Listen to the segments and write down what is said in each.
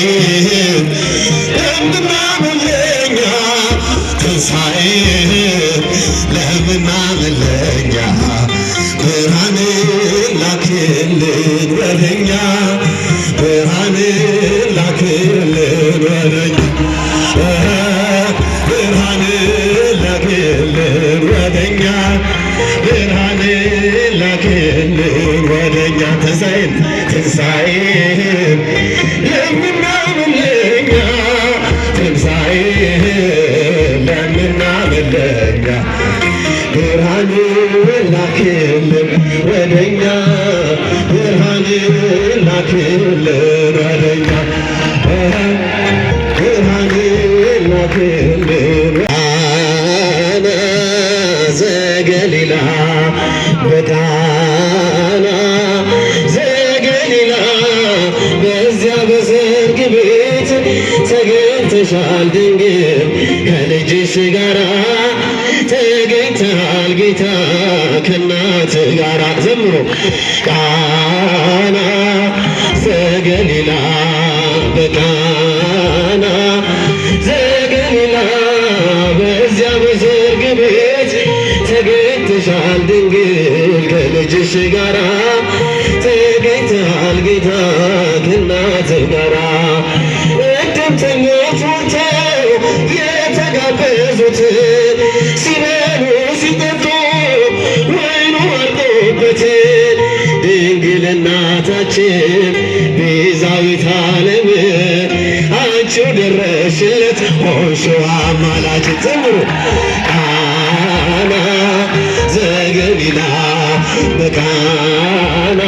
ትንሣኤህን ለምና መለኛ ትንሣኤህን ለምና መለኛ ትንሣኤ ዘገሊላ በቃና ዘገሊላ በዚያ በሰርግ ተገኝተሻል ድንግል ከልጅሽ ጋራ ተገኝተሃል ጌታ ከእናት ጋራ ዘምሮ ቃና ዘገሊላ በቃና ዘገሊላ በዚያ በሰርግ ቤት ተገኝተሻል ድንግል ከልጅሽ ጋራ ተገኝተሃል ጌታ ከእናት ጋራ እድምተኞች ወጥተው የተጋበዙት እናታችን ቤዛዊተ ዓለም አንቺው ደረሽለት ሆሾዋ አማላችን ዘምሩ ቃና ዘገሊላ በቃና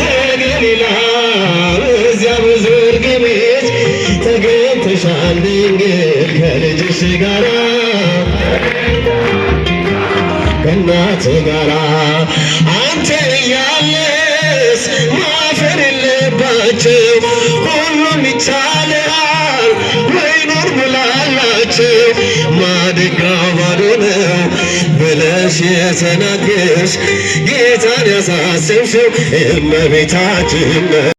ዘገሊላ በዚያ ብዙ እርግብ ተገኝተሻል ድንግል ከልጅሽ ጋራ ከእናት ጋራ አንቺ ሙላላችሁ ሁሉም ይቻላል ወይኑን ሙላላችሁ ማድጋው ባዶ ነው ብለሽ የተናገርሽ ጌታን ያሳሰብሽው እመቤታችን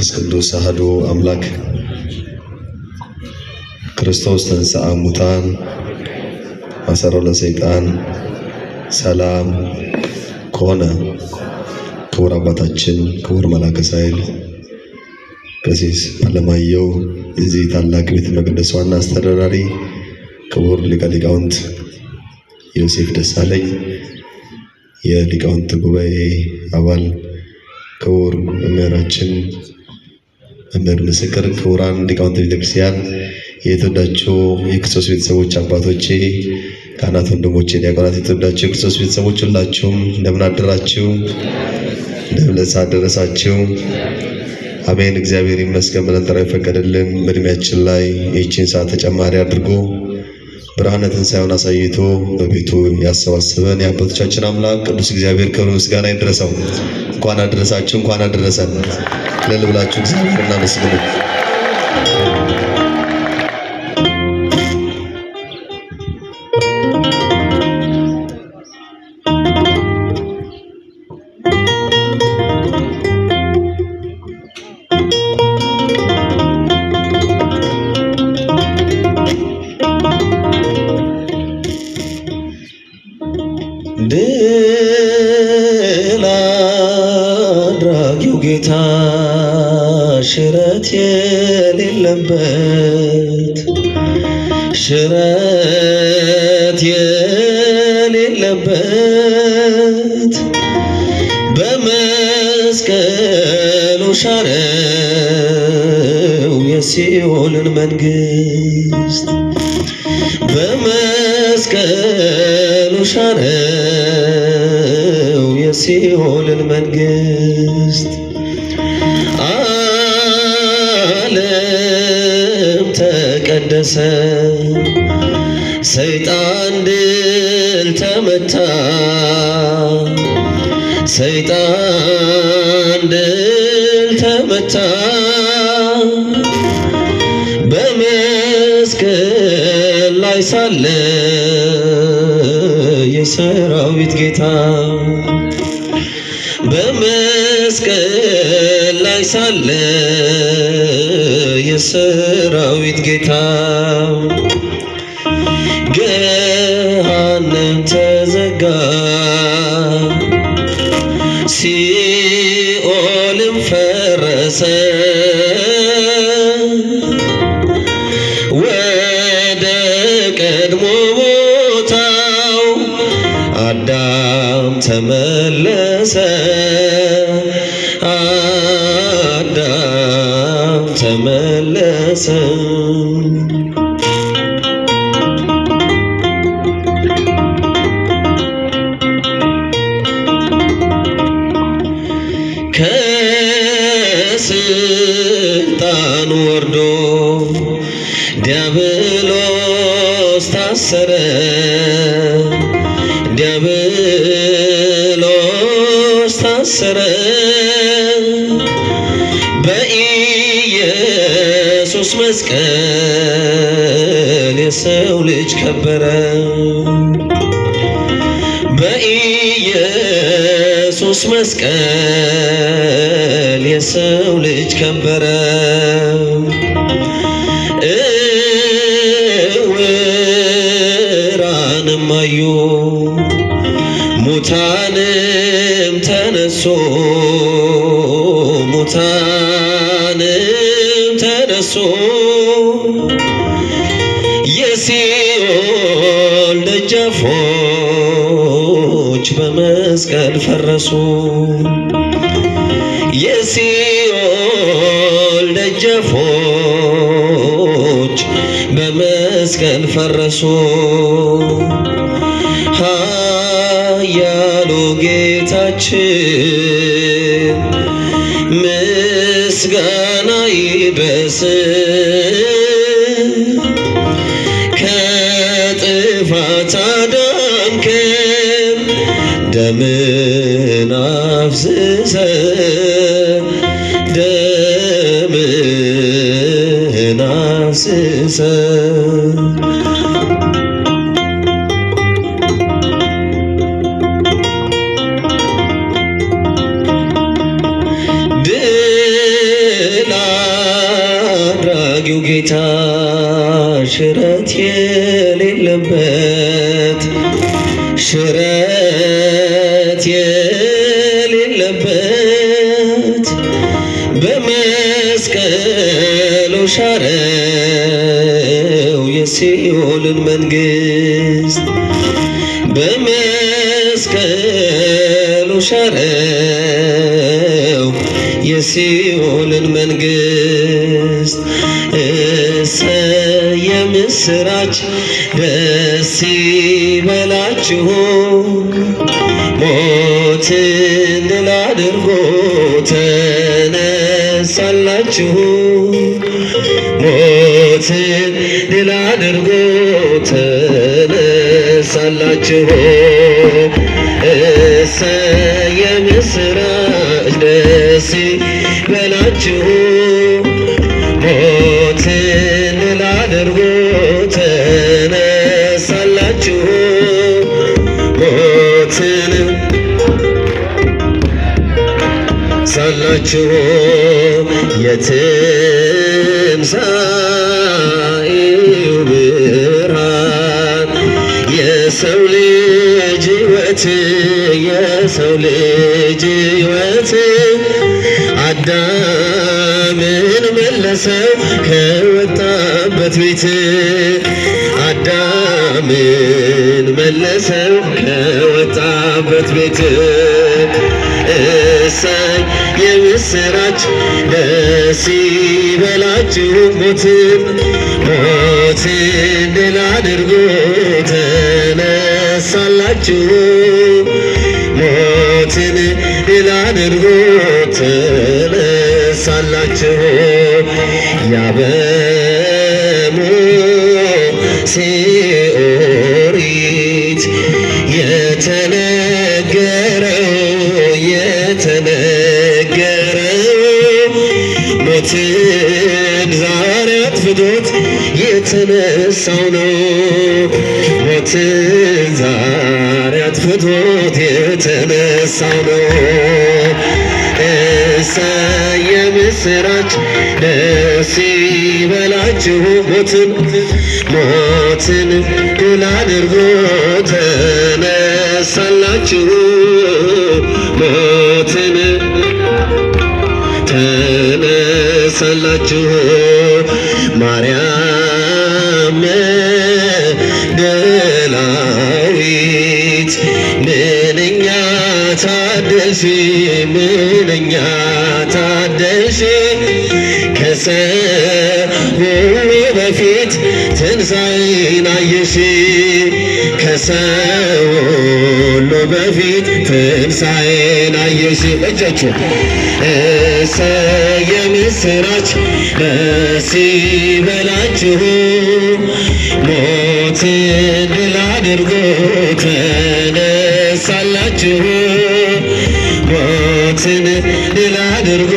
መንፈስ ቅዱስ አህዶ አምላክ ክርስቶስ ተንሥአ እሙታን አሰሮ ለሰይጣን ሰላም ከሆነ ክቡር አባታችን ክቡር መላከ ሳይል ቀሲስ አለማየሁ የዚህ ታላቅ ቤተ መቅደስ ዋና አስተዳዳሪ፣ ክቡር ሊቀ ሊቃውንት ዮሴፍ ደሳለኝ የሊቃውንት ጉባኤ አባል ክቡር መምህራችን መምህር ምስክር፣ ክቡራን ሊቃውንተ ቤተክርስቲያን፣ የተወዳቸው የክርስቶስ ቤተሰቦች አባቶቼ፣ ካህናት ወንድሞቼ፣ ዲያቆናት፣ የተወዳቸው የክርስቶስ ቤተሰቦች ሁላችሁም እንደምን አደራችሁ? እንደምን አደረሳችሁ? አሜን። እግዚአብሔር ይመስገን ብለን ጠራ የፈቀደልን በእድሜያችን ላይ ይህችን ሰዓት ተጨማሪ አድርጎ ብርሃነ ትንሣኤውን አሳይቶ በቤቱ ያሰባሰበን የአባቶቻችን አምላክ ቅዱስ እግዚአብሔር ክብር ምስጋና ይድረሰው። እንኳን አደረሳችሁ፣ እንኳን አደረሰን። ለልብላችሁ ብላችሁ እግዚአብሔር የሲኦልን መንግስት በመስቀሉ ሻረው የሲኦልን መንግሥት ዓለም ተቀደሰ ሰይጣን ድል ተመታ ሰይጣን ድል አለ የሰራዊት ጌታ በመስቀል ላይ ሳለ የሰራዊት ጌታ ገሃነም ተዘጋ ሲኦልም ፈረሰ ተመለሰ አዳም ተመለሰ። ከስልጣን ወርዶ ዲያብሎስ ታሰረ ተበሰረ በኢየሱስ መስቀል የሰው ልጅ ከበረ በኢየሱስ መስቀል የሰው ልጅ ከበረ እውራንም አዩ ሙታንም ተነሶ ሙታንም ተነሶ የሲኦል ደጃፎች በመስቀል ፈረሱ። የሲኦል ደጃፎች በመስቀል ፈረሱ። ልባችን ምስጋና ይበስ ከጥፋት አዳንከን ደምን አፍስሰ ደምን አፍስሰ መንግስት በመስቀሉ ሸረው የሲኦልን መንግስት እሰ የምስራች ደስ ይበላችሁ ሞትን ድል አድርጎ ተነሳላችሁ ሞትን ድል አድርጎ ናችሁ እሰ የምስራች ደስ በላችሁ ሞትን ላድርጎ ተነሳላችሁ ሞትን ሳላችሁ የሰው ልጅ ሕይወት የሰው ልጅ ሕይወት አዳምን መለሰው ከወጣበት ቤት አዳምን መለሰው ከወጣበት ቤት እሰይ የምስራች ደስ ይበላችሁ ሞትን ሞትን ድል አድርጎ በእጅ ሞትን ድል አድርጎ ትነሳላችሁ። ያበሙ ኦሪት የተነገረው የተነገረው ሞትን ዛሬ አጥፍቶት የተነሳው ነው ሞትን ከሞት የተነሳ ነው። እሰየ የምስራች ደስ ይበላችሁ፣ ሞትን ሞትን ድል አድርጎ ተነሳላችሁ። ሞትን ተነሳላችሁ ማርያም ታደሽ ምንኛ ታደሽ ከሰኔ በፊት ትንሣኤን አየሽ ከሰው ሁሉ በፊት ትንሣኤን አየሽ እጃችሁ እሰየ ምስራች ደስ ይበላችሁ ሞትን ድል አድርጎ ተነሳላችሁ ሞትን ድል አድርጎ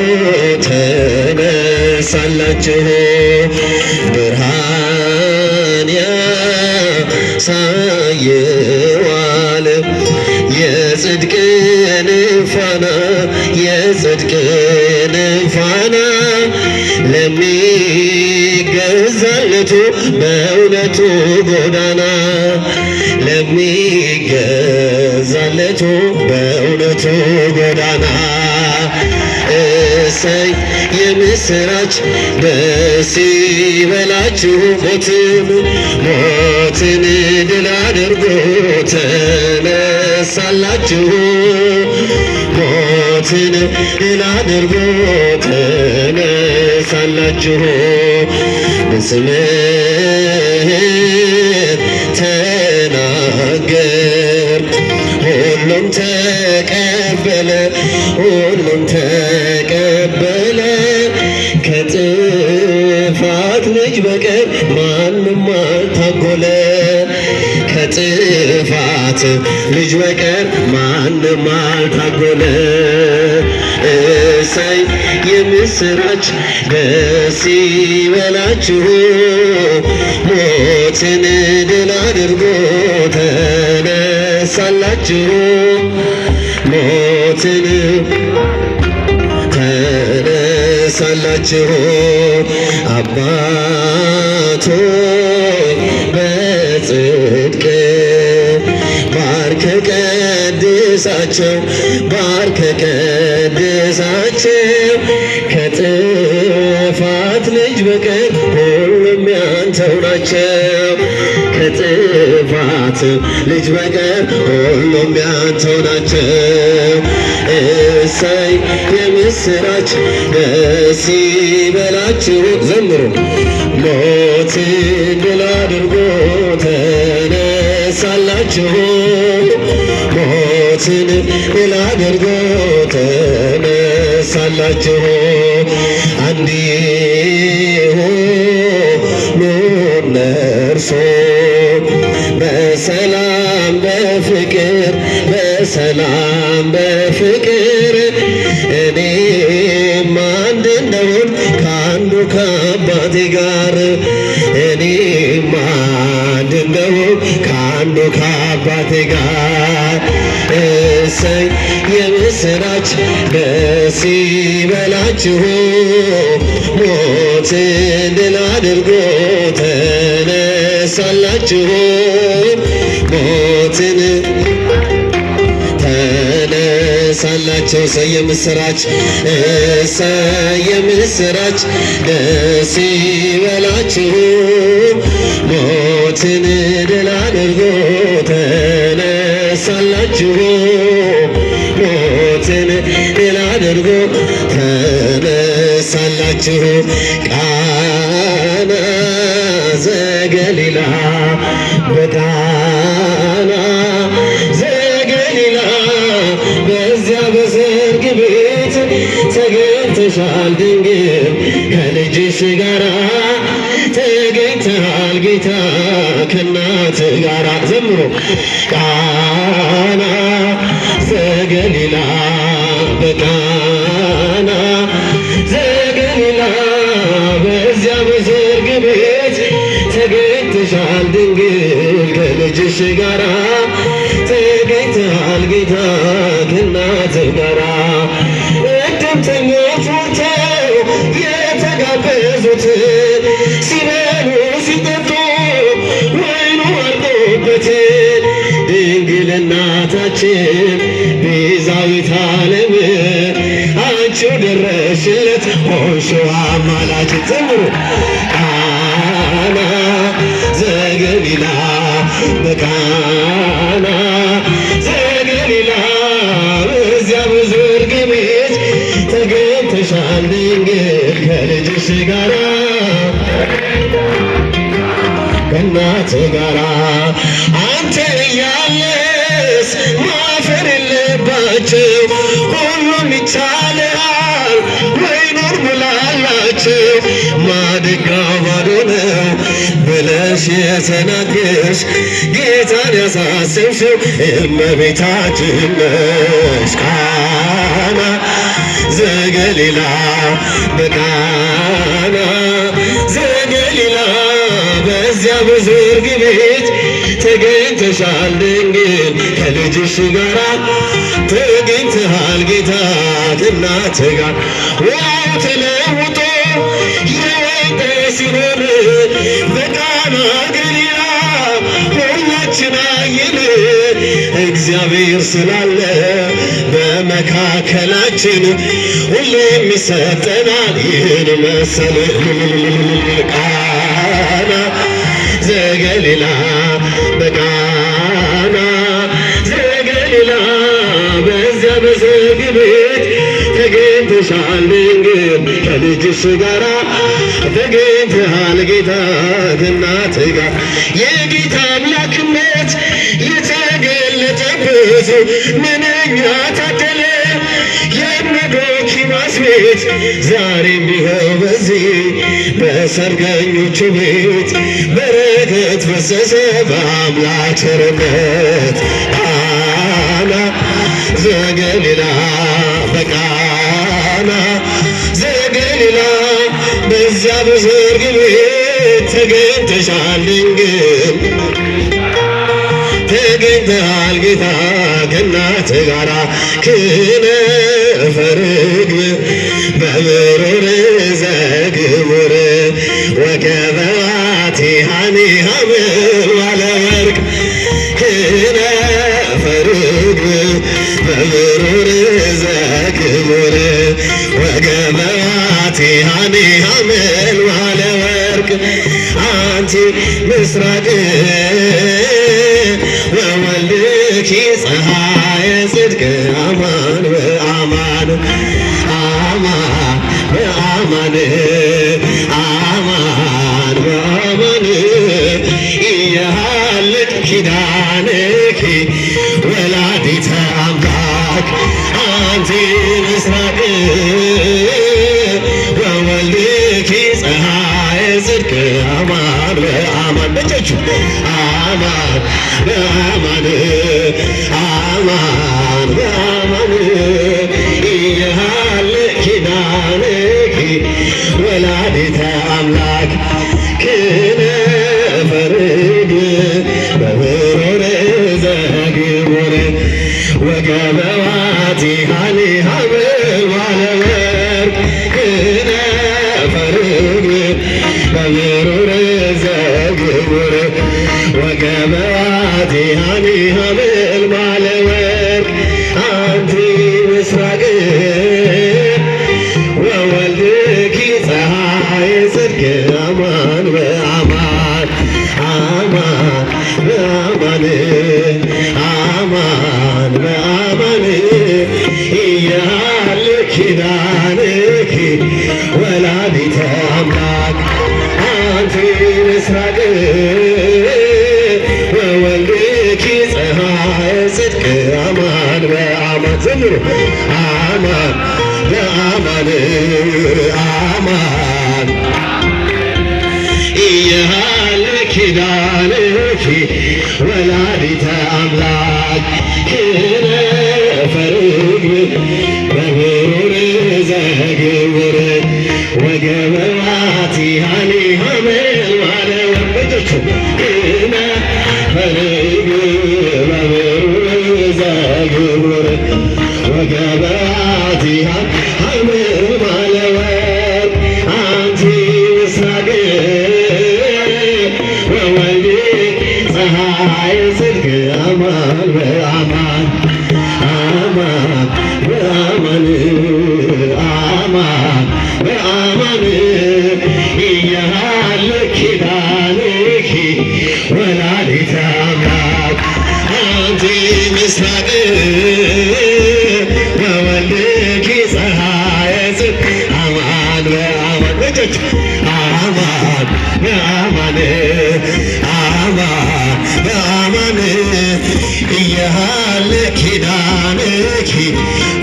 ተነሳላችሁ። ብርሃን ያሳየዋል የጽድቅን ፋና የጽድቅን ፋና ለሚገዛለቱ በእውነቱ ጎዳና ለሚ በዘለቱ በእውነቱ ጎዳና እሰይ የምስራች ደስ ይበላችሁ ሞትን ሞትን ድል አድርጎ ተነሳላችሁ ሞትን ድል አድርጎ ተነሳላችሁ በስምህ ተቀበለ ሁሉም ተቀበለ ከጥፋት ልጅ በቀር ማንም አልታጎለ ከጥፋት ልጅ በቀር ማንም አልታጎለ እሰይ የምስራች ደስ ይበላችሁ ሞትን ድል አድርጎ ትረሳላችሁ ሞትን ትረሳላችሁ አባቶ በጽድቅ ባርከ ቀድሳቸው ባርከ ቀድሳቸው ከጥፋት ልጅ በቀር ከጥፋት ልጅ በቀር ሁሉም ያንተው ናቸው። እሰይ የምስራች ደስ ይበላችሁ፣ ዘምሩ ሞትን ድል አድርጎ ተነሳላችሁ፣ ሞትን ድል አድርጎ ተነሳላችሁ አንድ ሆኖ ለእርሶ በሰላም በፍቅር በሰላም በፍቅር እኔም አንድ እንደሆን ከአንዱ ከአባቴ ጋር እኔም አንድ እንደሆን ከአንዱ ከአባቴ ጋር እሰይ የምስራች ደስ ይበላችሁ ሞትን ድል አድርጎ ተነሳላችሁ ሞትን ተነሳላቸው። እሰይ የምስራች፣ እሰይ የምስራች፣ ደስ ይበላችሁ ሞትን ድል አድርጎ ተነሳላችሁ ሞትን ድል አድርጎ ተነሳላችሁ ቃና ዘገሊላ በጣም ተገኝተሻል ድንግል ከልጅሽ ጋራ ተገኝተሃል ጌታ ከእናት ጋራ ዘምሮ ቃና ዘገሊላ በቃና ዘገሊላ በዚያ በሰርግ ቤት ተገኝተሻል ድንግል ከልጅሽ ጋራ ተገኝተሃል ጌታ ጋራ አምላካችን ቤዛዊተ ዓለም አንቺው ደረሽለት። ሆሾዋ አማላችን ዘምሩ ቃና ዘገሊላ በቃና ዘገሊላ በዚያ ብዙ እርግቤት ተገኝተሻል ድንግል ከልጅሽ ጋራ ከእናት ጋራ አንተ እያ ብለሽ የተናገርሽ ጌታን ያሳሰብሽው እመቤታችን ነሽ። ቃና ዘገሊላ በቃና ዘገሊላ በዚያ በሰርግ ቤት ተገኝተሻል ድንግል ከልጅሽ ጋራ ተገኝተሃል ጌታ ከእናት ጋር ዋው ተለውጦ የወጠ ሲሆን ገሊላ ሁላችን አይን እግዚአብሔር ስላለ በመካከላችን ሁሌም ይሰጠናል ይህን መሰል ቃና ዘገሊላ በቃና ዘገሊላ በዚያ በዘግቤ ተገኝተሻል ድንግል ከልጅሽ ጋራ ተገኝተሃል ጌታ ከእናት ጋር የጌታ አምላክነት የተገለጠበት ምንኛ ታደለ የመዶኪማስ ቤት ዛሬም ቢሆን በዚህ በሰርገኞቹ ቤት በረከት ፈሰሰ በአምላክ ቸርነት ዘገሊላ በቃ ገዳማ ዘገሊላ በዚያ በሰርግ ቤት ተገኝተሻል ድንግል ተገኝተሃል ጌታ ከእናት ጋራ ክነፈ ርግብ በብሩር ዘግቡር ወገበዋቲ ሐኒሃ ባለ ወርቅ ክነፈ ገበያቴሃኔ ሀመል ባለ ወርቅ አንቲ ምስራቅ ወወልድኪ ፀሐየ ጽድቅ አማን በአማን አማን በአማን አማን በአማን እያሃልቅ ኪዳንኪ ወላዲተ አምላክ አንቲ ምስራቅ Aman, aman, aman, aman İyi halleki daneki Veladete amlak አቤት አምላክ አንተን እስራግ በወልድኪ ፀሐየ ጽድቅ አማን በአማን ዘምሩ አማን በአማን አማን እያለ ኪዳንኪ ወላዲተ አምላክ ክነፈርግብን በብሩር ዘግብ Yeah. በአማን አማን በአማን እያለ ኪዳንኪ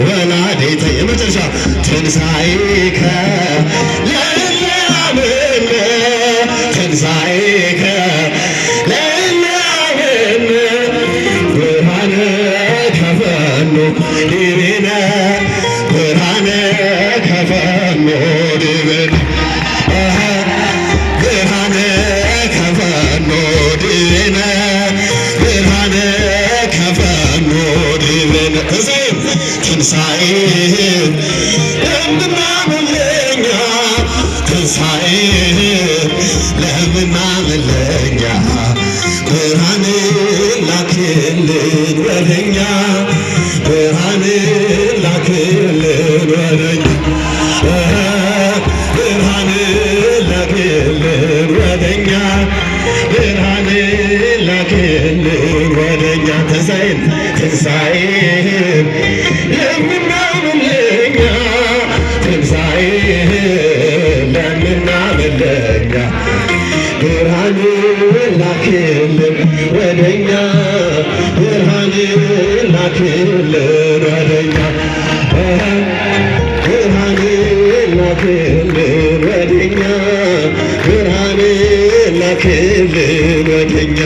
ወላዴተ የመጨረሻ ትንሣኤ ከ ትንሣኤ ለሕምና መለኛ ትንሣኤ ለሕምና ብርሃን ላክልን ወደኛ ብርሃን ላክልን ወደኛ ብርሃን ላክልን ወደኛ ብርሃን ላክልን ወደኛ ትንሣኤ ትንሣኤ ክብር ወደኛ